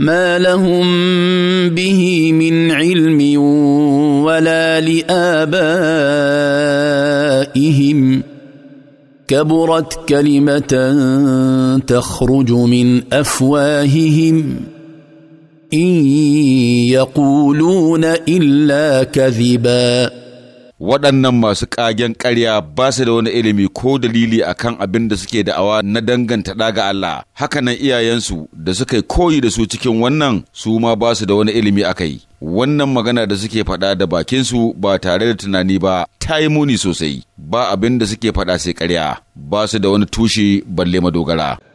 ما لهم به من علم ولا لابائهم كبرت كلمه تخرج من افواههم ان يقولون الا كذبا waɗannan masu ƙagen ƙarya ba su da wani ilimi ko dalili a kan abin da suke da'awa na danganta ɗa ga Allah, hakanan iyayensu da suka yi koyi da su cikin wannan su ma ba su da wani ilimi a kai. Wannan magana da suke faɗa da bakinsu ba tare da tunani ba ta yi muni sosai, ba abin da suke faɗa sai ƙarya, ba su da wani tushe balle madogara.